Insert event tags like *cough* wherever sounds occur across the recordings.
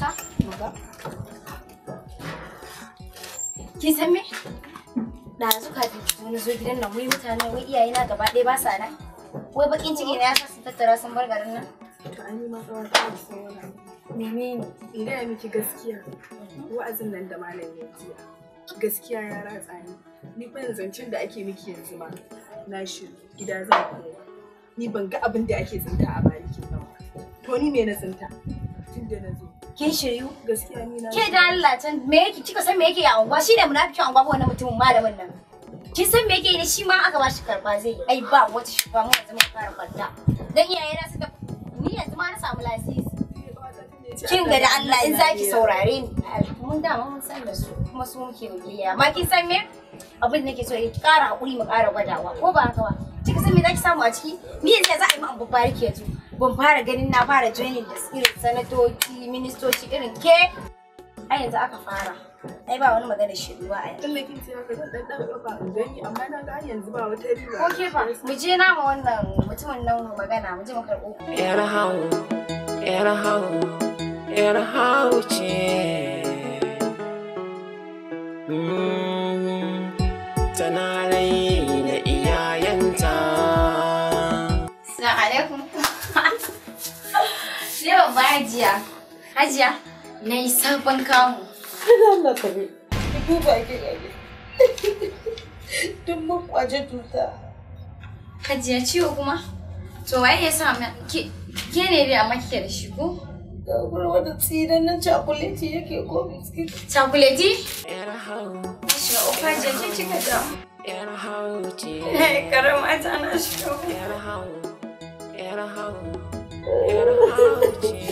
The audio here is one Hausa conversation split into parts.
mata? Kin san me? Ɗazu kafin ki wani zo gidan nan wai mutane wai iyaye gaba ɗaya basa sa nan. Wai bakin ciki na ya sa sun tattara sun bar garin nan. To an yi matsawar ta saura. Menene? In gaya miki gaskiya. Wa'azin nan da malam ya jiya. Gaskiya ya ratsa ni. Ni fa zancen da ake miki yanzu ma. Na shiru gida zan koma. Ni ban ga abin da ake tsinta a barikin nan ba. To ni me na tsinta? Tun da na zo. kin shiryu gaskiya ni na ke da Allah me yake kika san me yake ya unguwa shine munafikin unguwa ko wannan mutumin malamin nan kin san me yake ne shi ma aka bashi karba zai yi ai ba wata shufa mu zama fara kwanta dan iyaye na suka ni yanzu ma na samu lasisi kin ga da Allah in zaki saurare ni mun da mun san da su kuma su muke biyayya ma kin san me abin da nake so eh, ki kara hakuri mu kara gwadawa ko ba haka ba kika san me zaki samu a ciki ni yanzu za a yi mu an babbar ke yanzu ban fara ganin na fara joining da irin sanatoci ministoci irin ke a yanzu aka fara ai ba wani magana shi shiruwa a yanzu Allah kin ce haka da dan dan kafa gani amma na ga yanzu ba wata riba ko ke fa mu je na ma wannan mutumin nan magana mu je mu karbo yar hawo yar hawo yar hawo ce mm. Hajiya. Hajiya, na yi sabon kamu. Allah ka bi. ba ke gani. Duk mun kwaje tuta. Hajiya ciwo kuma? To waye ya sa ke ne dai amma kike da e shi ko? Da gurin wata tsira na cakuleti yake ko biskit. Cakuleti? Yar hau. Shi ofa je ke kika da. Yar na shi. Yar hau. Yar hau. Yar hau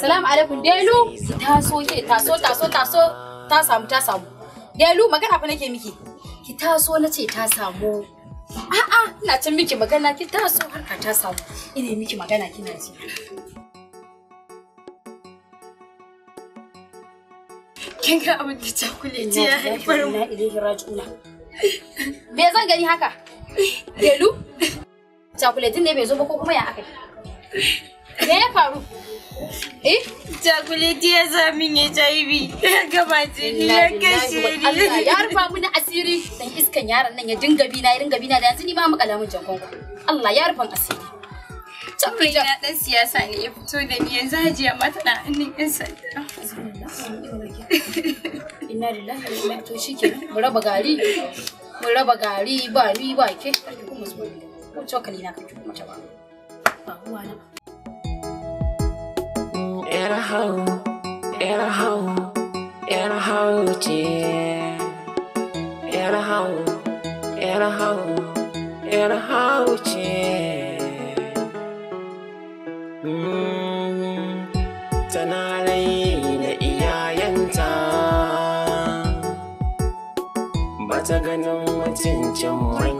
salamu alaikum delu taso ke taso taso taso ta samu ta samu delu magana fa nake miki ki taso na ce ta samu a'a ina can miki magana ki taso harka ta samu ina miki magana kina ji kin ga abin da cakule ji ya haifar mu me zan gani haka delu cakule ne bai zo ba ko kuma ya aka me ya faru Eh? Chocolate ya sa min ya *laughs* Allah ya rufa mini asiri. Dan iskan yaron nan ya dinga bi na, ya dinga na da yanzu ni ma makala Allah ya rufa asiri. Chocolate na dan siyasa ne ya fito da ni yanzu hajiya ma tana hannun *laughs* lillahi wa inna Mu raba gari. ba ni ba ke. Ba na. 'yar hau, 'yar hau, 'yar hau ce. 'yar hau, 'yar hau, 'yar hau ce. Tana raina iyayenta, ba ta ganin mutuncin manya.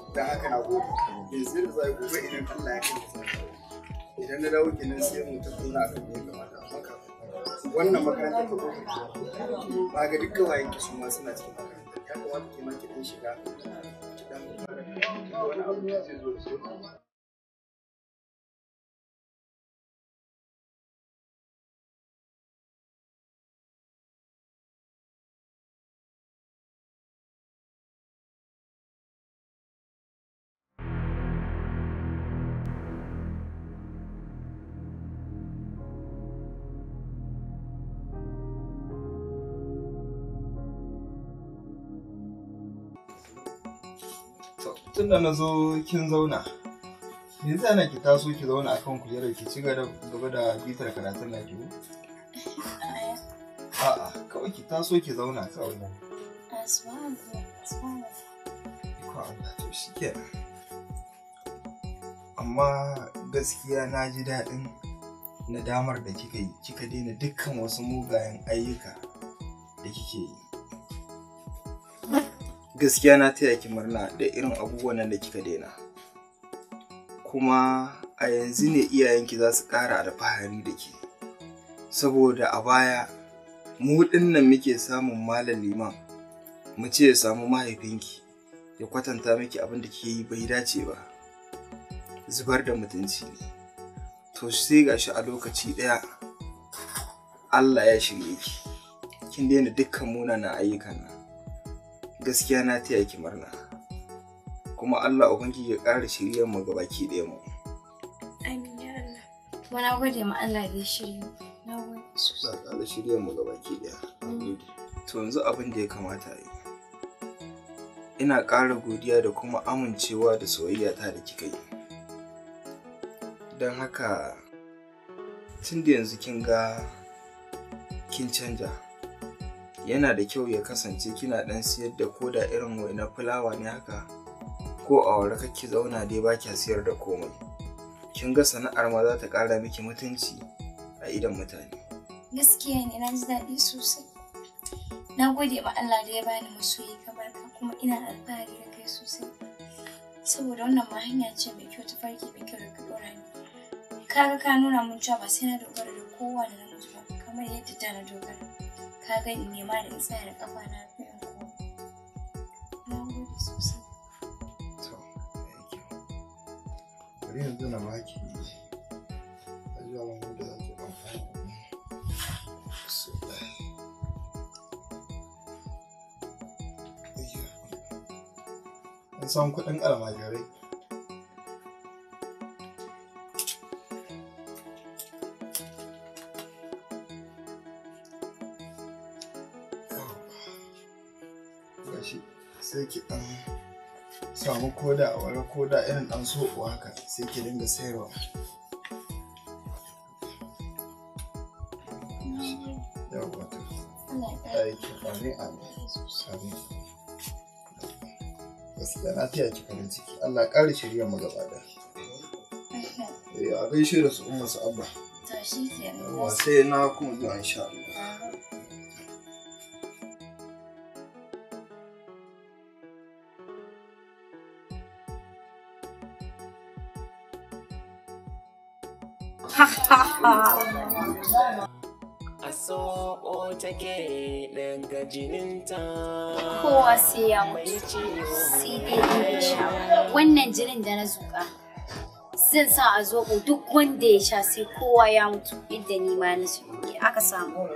da haka na gode in da zai gobe idan Allah ya idan na dawo kenan sai mu tattauna akan me ya kamata maka wannan makarantar ta gobe ba ga dukkan wayan ki su ma suna cikin makarantar ya kamata ki ma ki dan shiga ki dan wani abu zai zo da sauki tun da na zo kin zauna me zai na ki taso ki zauna a kan kujera ki ci gaba da bitar karatun na ki *laughs* a'a kawai ki taso ki zauna kawai nan amma gaskiya na ji daɗin nadamar da kika yi kika daina dukkan wasu mugayen ayyuka da kike yi gaskiya na taya ki murna da irin abubuwan da kika daina kuma a yanzu ne iyayenki za su ƙara fahari da ke saboda a baya mu nan muke samun malam liman mu ce ya samu mahaifinki ya kwatanta miki abin da kike yi bai dace ba zubar da mutunci ne to sai gashi a lokaci ɗaya Allah ya shirye ki kin daina dukkan munanan ayyukan nan gaskiya na taya ki murna kuma Allah ubangiji ya ƙara shirya mu ga baki ɗaya mu amin ya Allah kuma na gode ma Allah da ya shirya na gode sosai Allah shirya mu ga baki ɗaya to yanzu abin da ya kamata yi ina ƙara godiya da kuma amincewa da soyayya ta da kika yi don haka tun da yanzu kin ga kin canja yana da kyau ya kasance kina ɗan siyar da ko da irin na fulawa ne haka ko a wara kake zauna dai ba kya siyar da komai kin ga sana'ar ma za ta kara miki mutunci a idan mutane gaskiya ne na ji daɗi sosai na gode ma Allah da ya bani masoyi kamar ka kuma ina alfahari da kai sosai saboda wannan ma hanya ce mai kyau ta farki mai kyau da ka ɗora ni kaga ka nuna mun cewa ba sai na dogara da kowane namiji ba kamar yadda da na dogara ka gani ne ma da in tsaya da kafa na fi in ko na gode sosai to bari yanzu na maki ajiya mun da zan kuɗin almajirai ko da wani ko da irin ɗan soɓo haka sai ki dinga sayarwa yawwa ta aiki fari a sami gaskiya na taya ki farin ciki Allah ƙara shirya mu gaba da *laughs* eh, a gaishe da su umma su abba sai na kuma zuwa insha Allah a soɓo take jininta kowa sai ya mutu sai dai wannan jinin da na zuƙa zan sa a zoɓo duk wanda ya sha sai kowa ya mutu idan ni ma na aka samu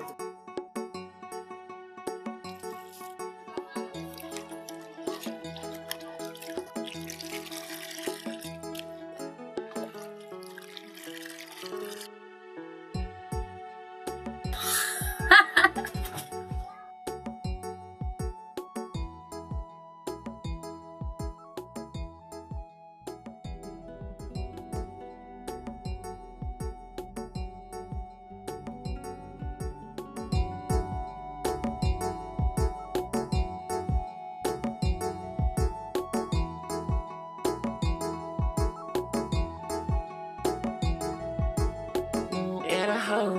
hau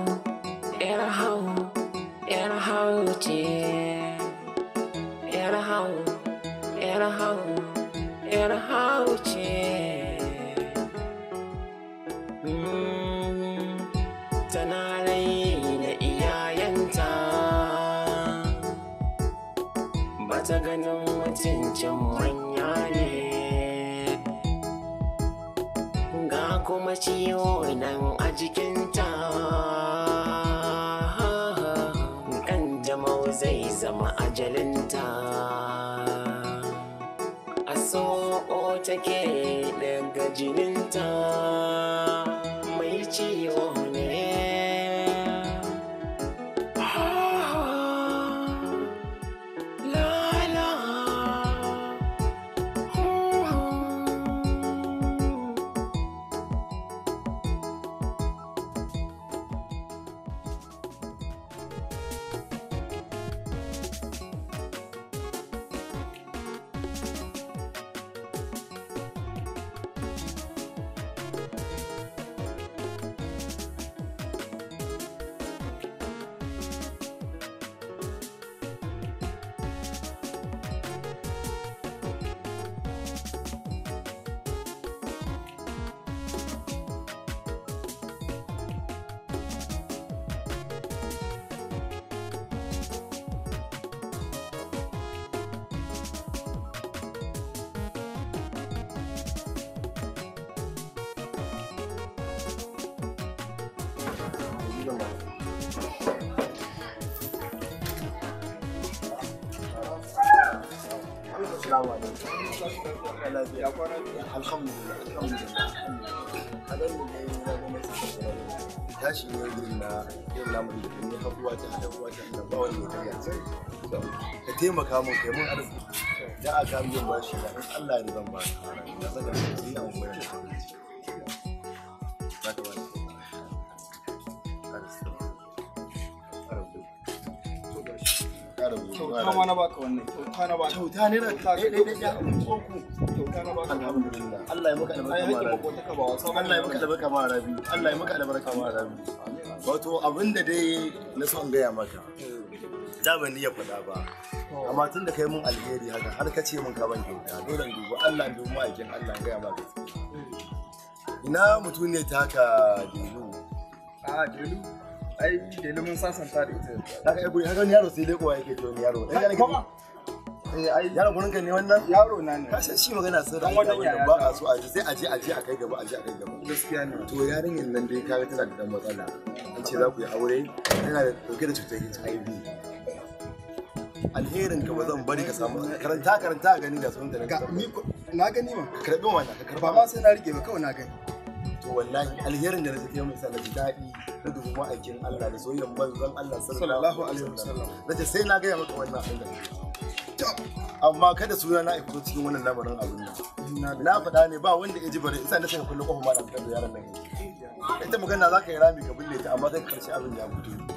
yar hau yar hau ce yar hau yar hau yar hau ce tana rai na iyayenta ba ta ganin mutuncin manya ne ga kuma ciwo nan jikinta kan jama'u zai zama ajalinta a so'o take daga jininta mai ciwo Assalamu alaikum. Alhamdulillah. Alhamdulillah. tashi ne na yin namun da taimaka mun kai mun arziki da aka yi bashi da Allah ne zan ba ka na saka da ina ƙara buɗe kyauta ma na baka wannan kyauta na baka kyauta ne da eh, eh, eh, kyauta na baka alhamdulillah Allah ya maka albarka ma rabi Allah ya maka albarka ma rabi Allah ya maka albarka ma rabi wato abinda dai na gaya maka da ban iya faɗa ba amma tun da kai mun alheri haka har ka ce mun ka ban kyauta dole in dubi Allah in dubi ma'aikin Allah in gaya maka ina mutum ne taka delu a ah, delu ai da ilimin sasanta da ita ga ai guri haka wani yaro sai lekowa yake to yaro dan yana kuma yaro gurin ka ne wannan yaro na ne Kashe shi magana sun rai wannan yaya ba a so a ji sai a je a je a kai gaba a je a kai gaba gaskiya ne to yarinyar nan dai kaga tana da dan matsala an ce za ku yi aure tana da dauke da cutar HIV alherin ka ba zan bari ka samu karanta karanta gani da sun da na gani ma ka karbi ma ka karba ma sai na rike ba kawai na gani to wallahi alherin da na ji mai sa na ji da dubu ma'aikin Allah da soyayyen manzon Allah sallallahu alaihi wasallam nace sai na gaya maka wannan abin da amma kada suna na fito cikin wannan lamarin abin nan na faɗa ne ba wanda ya ji bare isa na saka kullum kofa ma da fitar da yaran nan ita magana za ka yi rami ka bulle ta amma sai karshe abin ya fito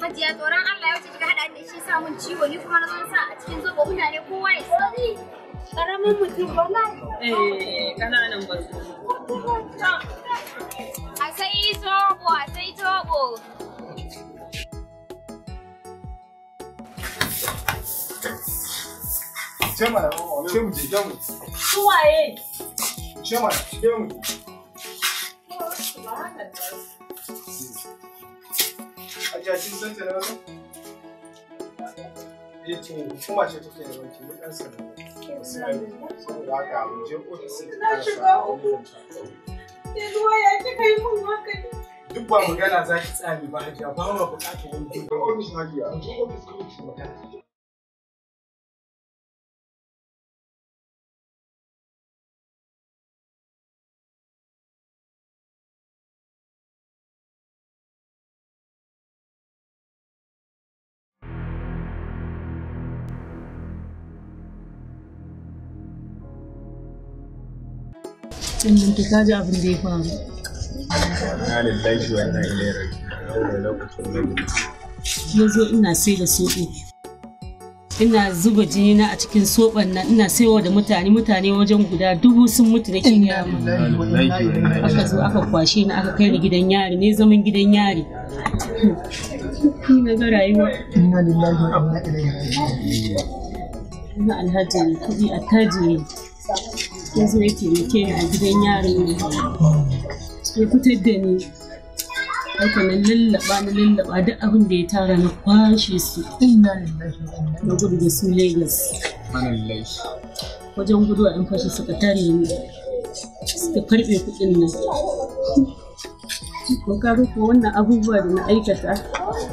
Hajiya tsoron Allah ya wuce kika haɗa da shi samun ciwo ni kuma na sa a cikin zobo mutane kowa ya sani. Karamin mutum wallahi. Eh kananan A sai zobo a sai a jakin sun ta nawa eh kuma ce take da wanki mun dan sanar saboda haka mu je ofis ta shiga uku sai ya ci kai mun haka duk ba magana za ki tsami ba hajiya ba ma bukatar wani ofis hajiya ofis kuma ki magana sannan ta ji abin da ya faru na lillahi wa na ilaihi raji'un na zo ina sai da soɓo ina zuba jini na a cikin soɓan nan ina saiwa da mutane mutane wajen guda dubu sun mutu da kin yamu aka zo aka kwashe ni aka kai ni gidan yari ne zaman gidan yari na ga rayuwa inna lillahi wa inna ilaihi raji'un ina alhaji ne kuɗi ne. ya zo ni a gidan yaron ne ya fitar da ni haka na lallaba na lallaba duk abin da ya tara na kwashe su na gudu da su lagos wajen gudu a yan fashe suka tare ni suka karbe kudin nan ko ka ko wannan abubuwa da na aikata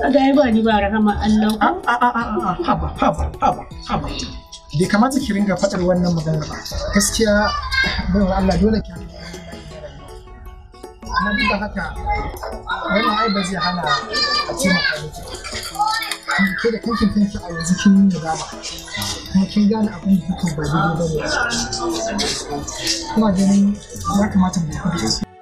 A ai ba ni ba rahama Allah ah, ah, ah, haba haba haba haba bai kamata ki ringa faɗar wannan magana ba gaskiya bai Allah dole ki amma duk da haka wani ai ba zai hana a ce maka ke da kankin kanki a yanzu kin yi nadama kuma kin gane abin da kike ba daidai ba ne kuma ganin ya kamata mu kuɗi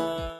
you